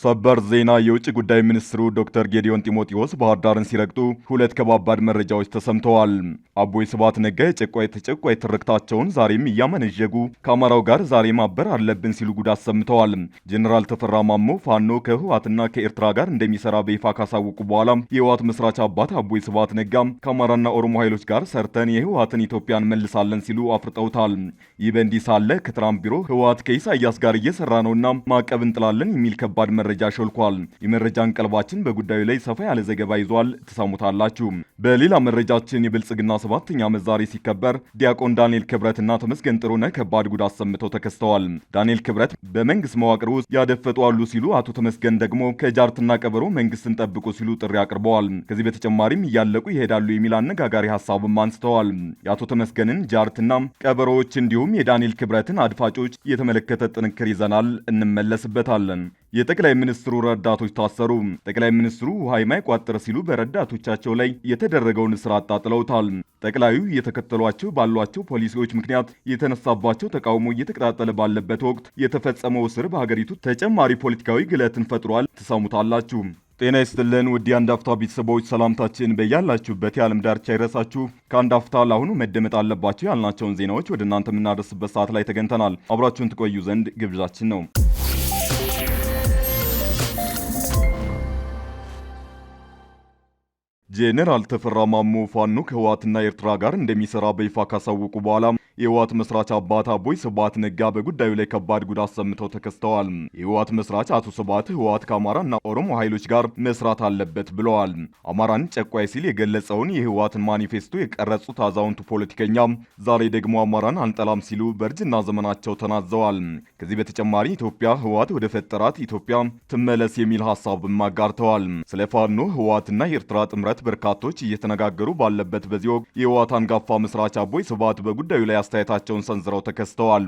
ሰበር ዜና የውጭ ጉዳይ ሚኒስትሩ ዶክተር ጌዲዮን ጢሞቴዎስ ባህር ዳርን ሲረግጡ ሁለት ከባባድ መረጃዎች ተሰምተዋል። አቦይ ስብሃት ነጋ የጨቋይ ተጨቋይ ትርክታቸውን ዛሬም እያመነዠጉ ከአማራው ጋር ዛሬ ማበር አለብን ሲሉ ጉድ አሰምተዋል። ጀኔራል ተፈራ ማሞ ፋኖ ከህወሓትና ከኤርትራ ጋር እንደሚሰራ በይፋ ካሳወቁ በኋላ የህወሓት መስራች አባት አቦይ ስብሃት ነጋ ከአማራና ኦሮሞ ኃይሎች ጋር ሰርተን የህወሓትን ኢትዮጵያን መልሳለን ሲሉ አፍርጠውታል። ይህ በእንዲህ ሳለ ከትራምፕ ቢሮ ህወሓት ከኢሳያስ ጋር እየሰራ ነውና ማዕቀብ እንጥላለን የሚል ከባድ መረጃ ሾልኳል። የመረጃ እንቀልባችን በጉዳዩ ላይ ሰፋ ያለ ዘገባ ይዟል፣ ትሰሙታላችሁ። በሌላ መረጃችን የብልጽግና ሰባተኛ ዓመት ዛሬ ሲከበር ዲያቆን ዳንኤል ክብረትና ተመስገን ጥሩነህ ከባድ ጉድ አሰምተው ተከስተዋል። ዳንኤል ክብረት በመንግስት መዋቅር ውስጥ ያደፈጡ አሉ ሲሉ፣ አቶ ተመስገን ደግሞ ከጃርትና ቀበሮ መንግስትን ጠብቁ ሲሉ ጥሪ አቅርበዋል። ከዚህ በተጨማሪም እያለቁ ይሄዳሉ የሚል አነጋጋሪ ሀሳብም አንስተዋል። የአቶ ተመስገንን ጃርትና ቀበሮዎች እንዲሁም የዳንኤል ክብረትን አድፋጮች የተመለከተ ጥንክር ይዘናል፣ እንመለስበታለን። የጠቅላይ ሚኒስትሩ ረዳቶች ታሰሩ። ጠቅላይ ሚኒስትሩ ውሃ የማይቋጥር ሲሉ በረዳቶቻቸው ላይ የተደረገውን ስራ አጣጥለውታል። ጠቅላዩ እየተከተሏቸው ባሏቸው ፖሊሲዎች ምክንያት የተነሳባቸው ተቃውሞ እየተቀጣጠለ ባለበት ወቅት የተፈጸመው እስር በሀገሪቱ ተጨማሪ ፖለቲካዊ ግለትን ፈጥሯል። ትሰሙታላችሁ። ጤና ይስጥልን ውድ የአንድ አፍታ ቤተሰቦች፣ ሰላምታችን በያላችሁበት የዓለም ዳርቻ ይረሳችሁ። ከአንድ አፍታ ለአሁኑ መደመጥ አለባቸው ያልናቸውን ዜናዎች ወደ እናንተ የምናደርስበት ሰዓት ላይ ተገኝተናል። አብራችሁን ትቆዩ ዘንድ ግብዣችን ነው። ጄኔራል ተፈራ ማሞ ፋኖ ከህወሓትና ኤርትራ ጋር እንደሚሰራ በይፋ ካሳወቁ በኋላ የህወሓት መስራች አባት አቦይ ስብሐት ነጋ በጉዳዩ ላይ ከባድ ጉድ አሰምተው ተከስተዋል። የህወሓት መስራች አቶ ስብሐት ህወሓት እና ኦሮሞ ኃይሎች ጋር መስራት አለበት ብለዋል። አማራን ጨቋይ ሲል የገለጸውን የህወሓትን ማኒፌስቶ የቀረጹት አዛውንቱ ፖለቲከኛ ዛሬ ደግሞ አማራን አንጠላም ሲሉ በእርጅና ዘመናቸው ተናዘዋል። ከዚህ በተጨማሪ ኢትዮጵያ ህወሓት ወደ ፈጠራት ኢትዮጵያ ትመለስ የሚል ሀሳብም አጋርተዋል። ስለ ፋኖ ህወሓትና የኤርትራ ጥምረት በርካቶች እየተነጋገሩ ባለበት በዚህ ወቅት የህወሓት አንጋፋ መስራች አቦይ ስብሐት በጉዳዩ ላይ አስተያየታቸውን ሰንዝረው ተከስተዋል።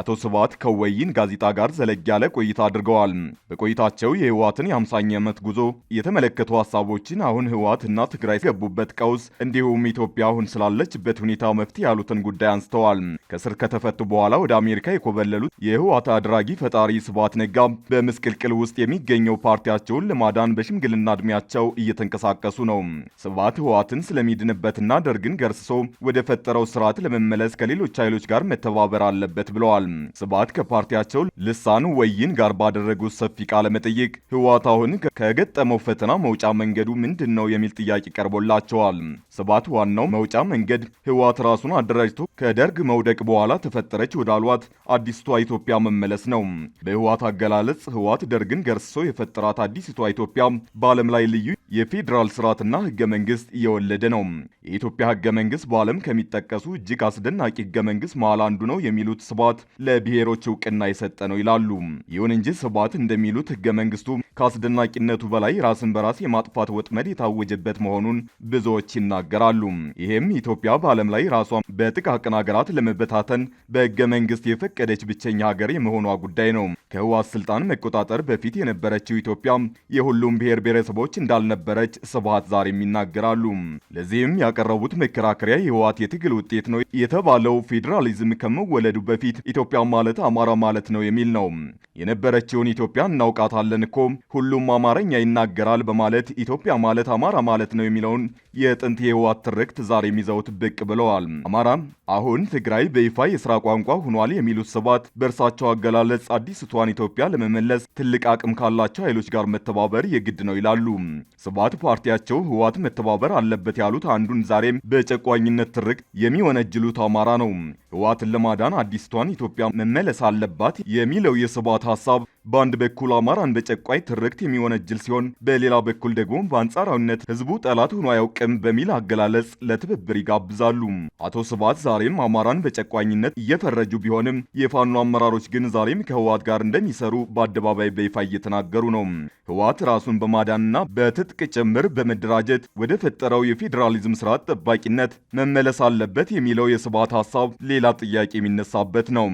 አቶ ስብሐት ከወይን ጋዜጣ ጋር ዘለግ ያለ ቆይታ አድርገዋል። በቆይታቸው የህወሓትን የ ዓመት ጉዞ የተመለከቱ ሀሳቦችን፣ አሁን ህወሓት እና ትግራይ ገቡበት ቀውስ፣ እንዲሁም ኢትዮጵያ አሁን ስላለችበት ሁኔታ መፍትሄ ያሉትን ጉዳይ አንስተዋል። ከስር ከተፈቱ በኋላ ወደ አሜሪካ የኮበለሉት የህወሓት አድራጊ ፈጣሪ ስብሐት ነጋ በምስቅልቅል ውስጥ የሚገኘው ፓርቲያቸውን ለማዳን በሽምግልና እድሜያቸው እየተንቀሳቀሱ ነው። ስብሐት ህወሓትን ስለሚድንበትና ደርግን ገርስሶ ወደ ፈጠረው ስርዓት ለመመለስ ከሌሎ ከሌሎች ኃይሎች ጋር መተባበር አለበት ብለዋል። ስብሃት ከፓርቲያቸው ልሳን ወይን ጋር ባደረጉት ሰፊ ቃለ መጠይቅ ህወሓት አሁን ከገጠመው ፈተና መውጫ መንገዱ ምንድን ነው የሚል ጥያቄ ቀርቦላቸዋል። ስባት ዋናው መውጫ መንገድ ህወሓት ራሱን አደራጅቶ ከደርግ መውደቅ በኋላ ተፈጠረች ወዳሏት አዲስቷ ኢትዮጵያ መመለስ ነው። በህወሓት አገላለጽ ህወሓት ደርግን ገርሶ የፈጠራት አዲስቷ ኢትዮጵያ በዓለም ላይ ልዩ የፌዴራል ስርዓትና ህገ መንግስት እየወለደ ነው። የኢትዮጵያ ህገ መንግስት በዓለም ከሚጠቀሱ እጅግ አስደናቂ ህገ መንግስት መሃል አንዱ ነው የሚሉት ስባት ለብሔሮች እውቅና የሰጠ ነው ይላሉ። ይሁን እንጂ ስባት እንደሚሉት ህገ መንግስቱ ከአስደናቂነቱ በላይ ራስን በራስ የማጥፋት ወጥመድ የታወጀበት መሆኑን ብዙዎች ይናገራሉ። ይህም ኢትዮጵያ በዓለም ላይ ራሷን በጥቃቅን ሀገራት ለመበታተን በህገ መንግስት የፈቀደች ብቸኛ ሀገር የመሆኗ ጉዳይ ነው። ከህወሓት ስልጣን መቆጣጠር በፊት የነበረችው ኢትዮጵያ የሁሉም ብሔር ብሔረሰቦች እንዳልነበረች ስብሃት ዛሬም ይናገራሉ። ለዚህም ያቀረቡት መከራከሪያ የህወሓት የትግል ውጤት ነው የተባለው ፌዴራሊዝም ከመወለዱ በፊት ኢትዮጵያ ማለት አማራ ማለት ነው የሚል ነው። የነበረችውን ኢትዮጵያ እናውቃታለን እኮ ሁሉም አማርኛ ይናገራል በማለት ኢትዮጵያ ማለት አማራ ማለት ነው የሚለውን የጥንት የህወሓት ትርክት ዛሬም ይዘውት ብቅ ብለዋል። አማራ አሁን ትግራይ በይፋ የስራ ቋንቋ ሆኗል የሚሉት ስባት በእርሳቸው አገላለጽ አዲስቷን ኢትዮጵያ ለመመለስ ትልቅ አቅም ካላቸው ኃይሎች ጋር መተባበር የግድ ነው ይላሉ። ስባት ፓርቲያቸው ህወሓት መተባበር አለበት ያሉት አንዱን ዛሬም በጨቋኝነት ትርክት የሚወነጅሉት አማራ ነው። home ህወሓትን ለማዳን አዲስቷን ኢትዮጵያ መመለስ አለባት የሚለው የስብሃት ሀሳብ በአንድ በኩል አማራን በጨቋይ ትርክት የሚወነጅል ሲሆን በሌላ በኩል ደግሞ በአንጻራዊነት ህዝቡ ጠላት ሆኖ አያውቅም በሚል አገላለጽ ለትብብር ይጋብዛሉ። አቶ ስባት ዛሬም አማራን በጨቋኝነት እየፈረጁ ቢሆንም የፋኖ አመራሮች ግን ዛሬም ከህወሓት ጋር እንደሚሰሩ በአደባባይ በይፋ እየተናገሩ ነው። ህወሓት ራሱን በማዳንና በትጥቅ ጭምር በመደራጀት ወደ ፈጠረው የፌዴራሊዝም ስርዓት ጠባቂነት መመለስ አለበት የሚለው የስብሃት ሀሳብ ሌላ ጥያቄ የሚነሳበት ነው።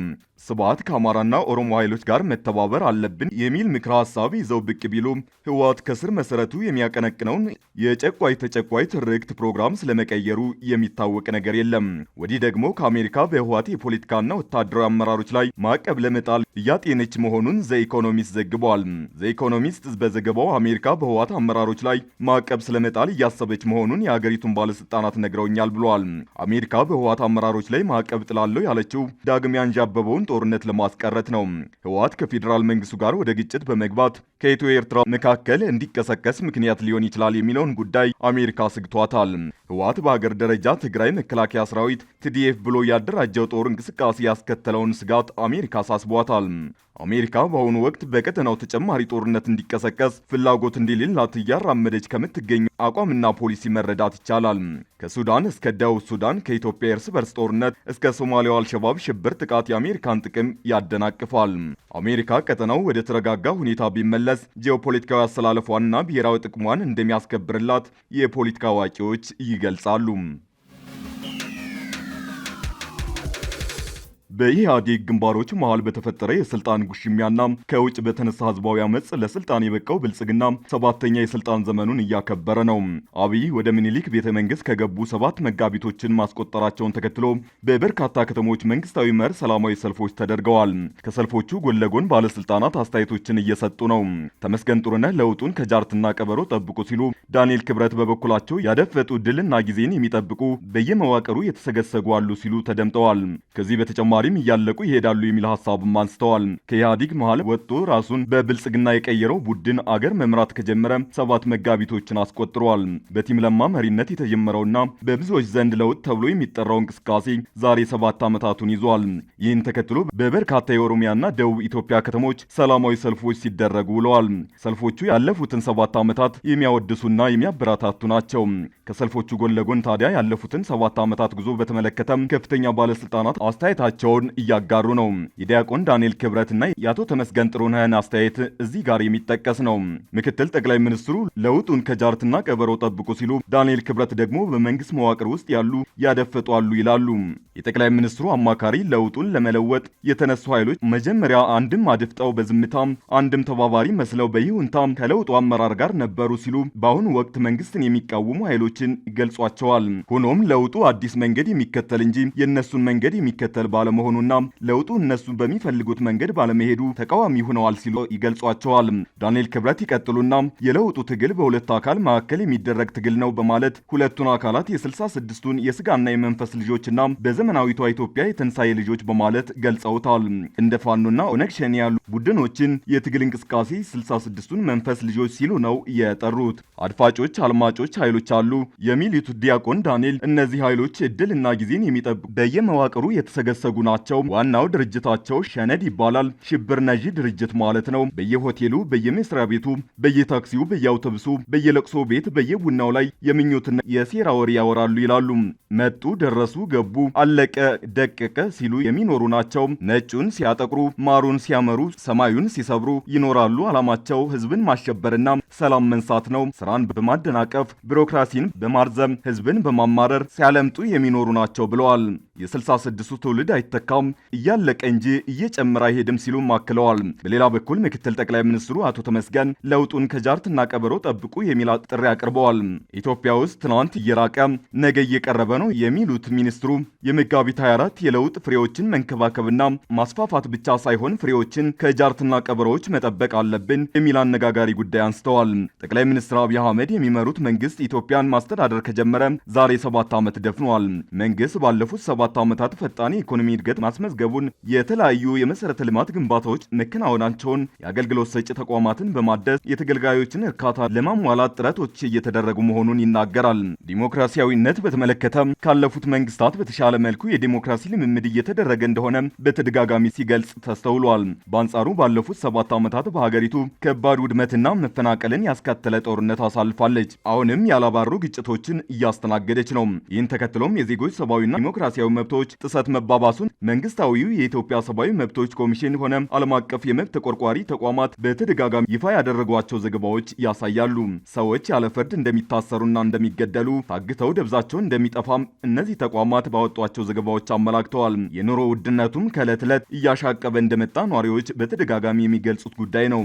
ስባት ከአማራና ኦሮሞ ኃይሎች ጋር መተባበር አለብን የሚል ምክረ ሀሳብ ይዘው ብቅ ቢሉ ህወሓት ከስር መሰረቱ የሚያቀነቅነውን የጨቋይ ተጨቋይ ትርክት ፕሮግራም ስለመቀየሩ የሚታወቅ ነገር የለም። ወዲህ ደግሞ ከአሜሪካ በህወሓት የፖለቲካና ወታደራዊ አመራሮች ላይ ማዕቀብ ለመጣል እያጤነች መሆኑን ዘኢኮኖሚስት ዘግቧል። ዘኢኮኖሚስት በዘገባው አሜሪካ በህወሓት አመራሮች ላይ ማዕቀብ ስለመጣል እያሰበች መሆኑን የሀገሪቱን ባለስልጣናት ነግረውኛል ብሏል። አሜሪካ በህወሓት አመራሮች ላይ ማዕቀብ ጥላለው ያለችው ዳግም ያንዣበበውን ጦርነት ለማስቀረት ነው። ህወሓት ከፌዴራል መንግስቱ ጋር ወደ ግጭት በመግባት ከኢትዮ ኤርትራ መካከል እንዲቀሰቀስ ምክንያት ሊሆን ይችላል የሚለውን ጉዳይ አሜሪካ ስግቷታል። ህወሓት በሀገር ደረጃ ትግራይ መከላከያ ሰራዊት ቲዲኤፍ ብሎ ያደራጀው ጦር እንቅስቃሴ ያስከተለውን ስጋት አሜሪካ አሳስቧታል። አሜሪካ በአሁኑ ወቅት በቀጠናው ተጨማሪ ጦርነት እንዲቀሰቀስ ፍላጎት እንደሌላት እያራመደች ከምትገኝ አቋምና ፖሊሲ መረዳት ይቻላል። ከሱዳን እስከ ደቡብ ሱዳን፣ ከኢትዮጵያ እርስ በርስ ጦርነት እስከ ሶማሊያው አልሸባብ ሽብር ጥቃት የአሜሪካን ጥቅም ያደናቅፋል። አሜሪካ ቀጠናው ወደ ተረጋጋ ሁኔታ ቢመለስ ስትመለስ ጂኦፖለቲካዊ አሰላለፏንና ብሔራዊ ጥቅሟን እንደሚያስከብርላት የፖለቲካ አዋቂዎች ይገልጻሉ። በኢህአዴግ ግንባሮች መሃል በተፈጠረ የስልጣን ጉሽሚያና ከውጭ በተነሳ ህዝባዊ አመፅ ለስልጣን የበቃው ብልጽግና ሰባተኛ የስልጣን ዘመኑን እያከበረ ነው። አብይ ወደ ምኒልክ ቤተ መንግስት ከገቡ ሰባት መጋቢቶችን ማስቆጠራቸውን ተከትሎ በበርካታ ከተሞች መንግስታዊ መር ሰላማዊ ሰልፎች ተደርገዋል። ከሰልፎቹ ጎን ለጎን ባለስልጣናት አስተያየቶችን እየሰጡ ነው። ተመስገን ጥሩነህ ለውጡን ከጃርትና ቀበሮ ጠብቁ ሲሉ፣ ዳንኤል ክብረት በበኩላቸው ያደፈጡ ድልና ጊዜን የሚጠብቁ በየመዋቅሩ የተሰገሰጉ አሉ ሲሉ ተደምጠዋል። ከዚህ በተጨማሪ በተጨማሪም እያለቁ ይሄዳሉ የሚል ሀሳብም አንስተዋል። ከኢህአዲግ መሀል ወጥቶ ራሱን በብልጽግና የቀየረው ቡድን አገር መምራት ከጀመረ ሰባት መጋቢቶችን አስቆጥሯል። በቲም ለማ መሪነት የተጀመረውና በብዙዎች ዘንድ ለውጥ ተብሎ የሚጠራው እንቅስቃሴ ዛሬ ሰባት ዓመታቱን ይዟል። ይህን ተከትሎ በበርካታ የኦሮሚያና ደቡብ ኢትዮጵያ ከተሞች ሰላማዊ ሰልፎች ሲደረጉ ውለዋል። ሰልፎቹ ያለፉትን ሰባት ዓመታት የሚያወድሱና የሚያበረታቱ ናቸው። ከሰልፎቹ ጎን ለጎን ታዲያ ያለፉትን ሰባት ዓመታት ጉዞ በተመለከተም ከፍተኛ ባለስልጣናት አስተያየታቸውን እያጋሩ ነው። የዲያቆን ዳንኤል ክብረትና የአቶ ተመስገን ጥሩነህን አስተያየት እዚህ ጋር የሚጠቀስ ነው። ምክትል ጠቅላይ ሚኒስትሩ ለውጡን ከጃርትና ቀበሮ ጠብቁ ሲሉ፣ ዳንኤል ክብረት ደግሞ በመንግስት መዋቅር ውስጥ ያሉ ያደፈጡ አሉ ይላሉ። የጠቅላይ ሚኒስትሩ አማካሪ ለውጡን ለመለወጥ የተነሱ ኃይሎች መጀመሪያ አንድም አድፍጠው በዝምታም አንድም ተባባሪ መስለው በይሁንታም ከለውጡ አመራር ጋር ነበሩ ሲሉ በአሁኑ ወቅት መንግስትን የሚቃወሙ ኃይሎች ፓርቲዎችን ገልጿቸዋል። ሆኖም ለውጡ አዲስ መንገድ የሚከተል እንጂ የእነሱን መንገድ የሚከተል ባለመሆኑና ለውጡ እነሱን በሚፈልጉት መንገድ ባለመሄዱ ተቃዋሚ ሆነዋል ሲሉ ይገልጿቸዋል። ዳንኤል ክብረት ይቀጥሉና የለውጡ ትግል በሁለት አካል መካከል የሚደረግ ትግል ነው በማለት ሁለቱን አካላት የስልሳ ስድስቱን የስጋና የመንፈስ ልጆችና በዘመናዊቷ ኢትዮጵያ የትንሣኤ ልጆች በማለት ገልጸውታል። እንደ ፋኖና ኦነግ ሸኔ ያሉ ቡድኖችን የትግል እንቅስቃሴ ስልሳ ስድስቱን መንፈስ ልጆች ሲሉ ነው የጠሩት። አድፋጮች፣ አልማጮች ኃይሎች አሉ። የሚሊቱ ዲያቆን ዳንኤል እነዚህ ኃይሎች እድልና ጊዜን የሚጠብቁ በየመዋቅሩ የተሰገሰጉ ናቸው። ዋናው ድርጅታቸው ሸነድ ይባላል። ሽብር ነዢ ድርጅት ማለት ነው። በየሆቴሉ፣ በየመስሪያ ቤቱ፣ በየታክሲው፣ በየአውቶቡሱ፣ በየለቅሶ ቤት፣ በየቡናው ላይ የምኞትና የሴራ ወሬ ያወራሉ ይላሉ። መጡ፣ ደረሱ፣ ገቡ፣ አለቀ፣ ደቀቀ ሲሉ የሚኖሩ ናቸው። ነጩን ሲያጠቅሩ፣ ማሩን ሲያመሩ፣ ሰማዩን ሲሰብሩ ይኖራሉ። ዓላማቸው ህዝብን ማሸበርና ሰላም መንሳት ነው። ስራን በማደናቀፍ ቢሮክራሲን በማርዘም ህዝብን በማማረር ሲያለምጡ የሚኖሩ ናቸው ብለዋል። የ66ቱ ትውልድ አይተካም፣ እያለቀ እንጂ እየጨመረ አይሄድም ሲሉም አክለዋል። በሌላ በኩል ምክትል ጠቅላይ ሚኒስትሩ አቶ ተመስገን ለውጡን ከጃርትና ቀበሮ ጠብቁ የሚል ጥሪ አቅርበዋል። ኢትዮጵያ ውስጥ ትናንት እየራቀ ነገ እየቀረበ ነው የሚሉት ሚኒስትሩ የመጋቢት 24 የለውጥ ፍሬዎችን መንከባከብና ማስፋፋት ብቻ ሳይሆን ፍሬዎችን ከጃርትና ቀበሮዎች መጠበቅ አለብን የሚል አነጋጋሪ ጉዳይ አንስተዋል። ጠቅላይ ሚኒስትር አብይ አህመድ የሚመሩት መንግስት ኢትዮጵያን ማስተዳደር ከጀመረ ዛሬ ሰባት ዓመት ደፍኗል። መንግስት ባለፉት ሰባት ዓመታት ፈጣን የኢኮኖሚ እድገት ማስመዝገቡን፣ የተለያዩ የመሰረተ ልማት ግንባታዎች መከናወናቸውን፣ የአገልግሎት ሰጪ ተቋማትን በማደስ የተገልጋዮችን እርካታ ለማሟላት ጥረቶች እየተደረጉ መሆኑን ይናገራል። ዲሞክራሲያዊነት በተመለከተ ካለፉት መንግስታት በተሻለ መልኩ የዲሞክራሲ ልምምድ እየተደረገ እንደሆነ በተደጋጋሚ ሲገልጽ ተስተውሏል። በአንጻሩ ባለፉት ሰባት ዓመታት በሀገሪቱ ከባድ ውድመትና መፈናቀልን ያስከተለ ጦርነት አሳልፋለች። አሁንም ያላባሩ ግጭቶችን እያስተናገደች ነው። ይህን ተከትሎም የዜጎች ሰብአዊና ዲሞክራሲያዊ መብቶች ጥሰት መባባሱን መንግስታዊው የኢትዮጵያ ሰብአዊ መብቶች ኮሚሽን ሆነ ዓለም አቀፍ የመብት ተቆርቋሪ ተቋማት በተደጋጋሚ ይፋ ያደረጓቸው ዘገባዎች ያሳያሉ። ሰዎች ያለ ፍርድ እንደሚታሰሩና እንደሚገደሉ ታግተው ደብዛቸው እንደሚጠፋም እነዚህ ተቋማት ባወጧቸው ዘገባዎች አመላክተዋል። የኑሮ ውድነቱም ከዕለት ዕለት እያሻቀበ እንደመጣ ነዋሪዎች በተደጋጋሚ የሚገልጹት ጉዳይ ነው።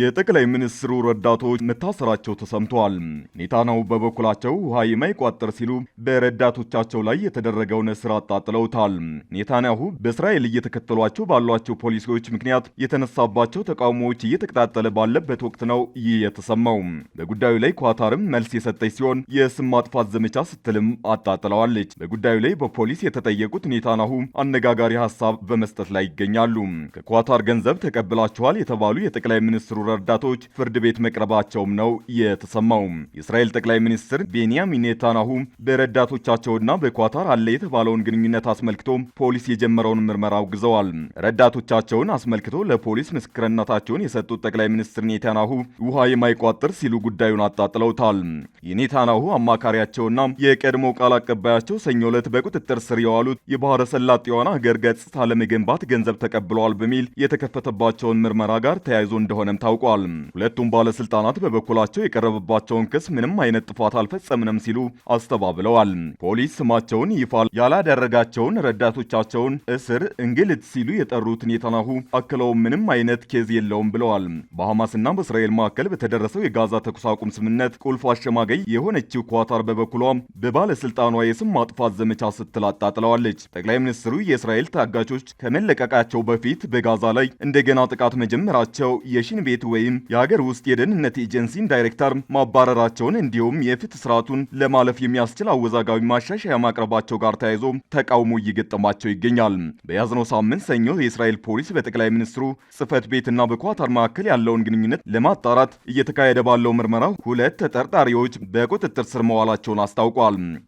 የጠቅላይ ሚኒስትሩ ረዳቶች መታሰራቸው ተሰምተዋል። ኔታናው በበኩላቸው ውሃ የማይቋጠር ሲሉ በረዳቶቻቸው ላይ የተደረገውን እስር አጣጥለውታል። ኔታንያሁ በእስራኤል እየተከተሏቸው ባሏቸው ፖሊሲዎች ምክንያት የተነሳባቸው ተቃውሞዎች እየተቀጣጠለ ባለበት ወቅት ነው ይህ የተሰማው። በጉዳዩ ላይ ኳታርም መልስ የሰጠች ሲሆን የስም ማጥፋት ዘመቻ ስትልም አጣጥለዋለች። በጉዳዩ ላይ በፖሊስ የተጠየቁት ኔታንያሁ አነጋጋሪ ሀሳብ በመስጠት ላይ ይገኛሉ። ከኳታር ገንዘብ ተቀብላችኋል የተባሉ የጠቅላይ ሚኒስትሩ ረዳቶች ፍርድ ቤት መቅረባቸውም ነው የተሰማው። የእስራኤል ጠቅላይ ሚኒስትር ቤንያሚን ኔታንያሁ በረዳቶቻቸውና በኳታር አለ የተባለውን ግንኙነት አስመልክቶ ፖሊስ የጀመረውን ምርመራ አውግዘዋል። ረዳቶቻቸውን አስመልክቶ ለፖሊስ ምስክርነታቸውን የሰጡት ጠቅላይ ሚኒስትር ኔታንያሁ ውሃ የማይቋጥር ሲሉ ጉዳዩን አጣጥለውታል። የኔታንያሁ አማካሪያቸውና የቀድሞ ቃል አቀባያቸው ሰኞ ዕለት በቁጥጥር ስር የዋሉት የባህረ ሰላጤዋን ሀገር ገጽታ ለመገንባት ገንዘብ ተቀብለዋል በሚል የተከፈተባቸውን ምርመራ ጋር ተያይዞ እንደሆነም ታውቋል። ታውቋል። ሁለቱም ባለስልጣናት በበኩላቸው የቀረበባቸውን ክስ ምንም አይነት ጥፋት አልፈጸምንም ሲሉ አስተባብለዋል። ፖሊስ ስማቸውን ይፋ ያላደረጋቸውን ረዳቶቻቸውን እስር እንግልት ሲሉ የጠሩትን ኔታንያሁ አክለው ምንም አይነት ኬዝ የለውም ብለዋል። በሐማስና በእስራኤል መካከል በተደረሰው የጋዛ ተኩስ አቁም ስምምነት ቁልፍ አሸማገይ የሆነችው ኳታር በበኩሏ በባለስልጣኗ የስም ማጥፋት ዘመቻ ስትል አጣጥለዋለች። ጠቅላይ ሚኒስትሩ የእስራኤል ታጋቾች ከመለቀቃቸው በፊት በጋዛ ላይ እንደገና ጥቃት መጀመራቸው የሺን ቤት ቤት ወይም የሀገር ውስጥ የደህንነት ኤጀንሲን ዳይሬክተር ማባረራቸውን እንዲሁም የፍትህ ስርዓቱን ለማለፍ የሚያስችል አወዛጋቢ ማሻሻያ ማቅረባቸው ጋር ተያይዞ ተቃውሞ እየገጠማቸው ይገኛል። በያዝነው ሳምንት ሰኞ የእስራኤል ፖሊስ በጠቅላይ ሚኒስትሩ ጽህፈት ቤትና በኳታር መካከል ያለውን ግንኙነት ለማጣራት እየተካሄደ ባለው ምርመራ ሁለት ተጠርጣሪዎች በቁጥጥር ስር መዋላቸውን አስታውቋል።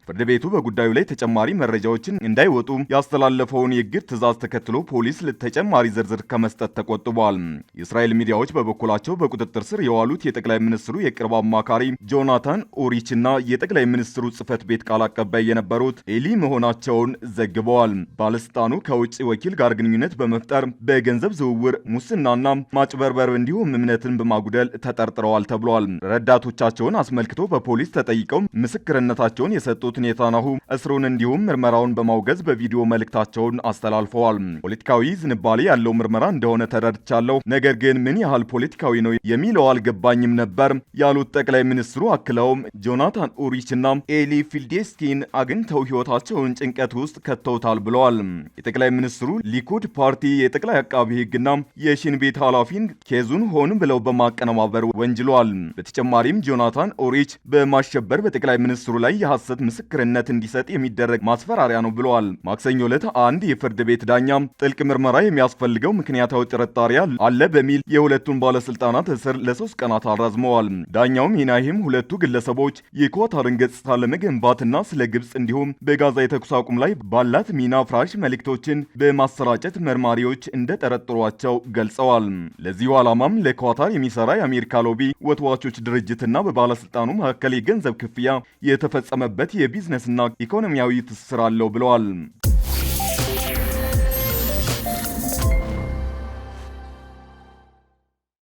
ፍርድ ቤቱ በጉዳዩ ላይ ተጨማሪ መረጃዎችን እንዳይወጡ ያስተላለፈውን የእግድ ትእዛዝ ተከትሎ ፖሊስ ተጨማሪ ዝርዝር ከመስጠት ተቆጥቧል። የእስራኤል ሚዲያዎች በበኩ በበኩላቸው በቁጥጥር ስር የዋሉት የጠቅላይ ሚኒስትሩ የቅርብ አማካሪ ጆናታን ኦሪች እና የጠቅላይ ሚኒስትሩ ጽህፈት ቤት ቃል አቀባይ የነበሩት ኤሊ መሆናቸውን ዘግበዋል። ባለስልጣኑ ከውጭ ወኪል ጋር ግንኙነት በመፍጠር በገንዘብ ዝውውር፣ ሙስናና ማጭበርበር እንዲሁም እምነትን በማጉደል ተጠርጥረዋል ተብሏል። ረዳቶቻቸውን አስመልክቶ በፖሊስ ተጠይቀው ምስክርነታቸውን የሰጡት ኔታናሁ እስሩን እንዲሁም ምርመራውን በማውገዝ በቪዲዮ መልእክታቸውን አስተላልፈዋል። ፖለቲካዊ ዝንባሌ ያለው ምርመራ እንደሆነ ተረድቻለሁ። ነገር ግን ምን ያህል ፖሊ ፖለቲካዊ ነው የሚለው አልገባኝም ነበር ያሉት ጠቅላይ ሚኒስትሩ አክለውም ጆናታን ኡሪች እና ኤሊ ፊልዴስኪን አግኝተው ሕይወታቸውን ጭንቀት ውስጥ ከተውታል ብለዋል። የጠቅላይ ሚኒስትሩ ሊኩድ ፓርቲ የጠቅላይ አቃቢ ህግና የሽን ቤት ኃላፊን ኬዙን ሆን ብለው በማቀነባበር ወንጅሏል። በተጨማሪም ጆናታን ኦሪች በማሸበር በጠቅላይ ሚኒስትሩ ላይ የሐሰት ምስክርነት እንዲሰጥ የሚደረግ ማስፈራሪያ ነው ብለዋል። ማክሰኞ ዕለት አንድ የፍርድ ቤት ዳኛ ጥልቅ ምርመራ የሚያስፈልገው ምክንያታዊ ጥርጣሬ አለ በሚል የሁለቱን ባለ ባለስልጣናት እስር ለሶስት ቀናት አራዝመዋል። ዳኛውም ሜናሄም ሁለቱ ግለሰቦች የኳታርን ገጽታ ለመገንባትና ስለ ግብፅ እንዲሁም በጋዛ የተኩስ አቁም ላይ ባላት ሚና ፍራሽ መልእክቶችን በማሰራጨት መርማሪዎች እንደጠረጥሯቸው ገልጸዋል። ለዚሁ ዓላማም ለኳታር የሚሰራ የአሜሪካ ሎቢ ወትዋቾች ድርጅትና በባለስልጣኑ መካከል የገንዘብ ክፍያ የተፈጸመበት የቢዝነስና ኢኮኖሚያዊ ትስስር አለው ብለዋል።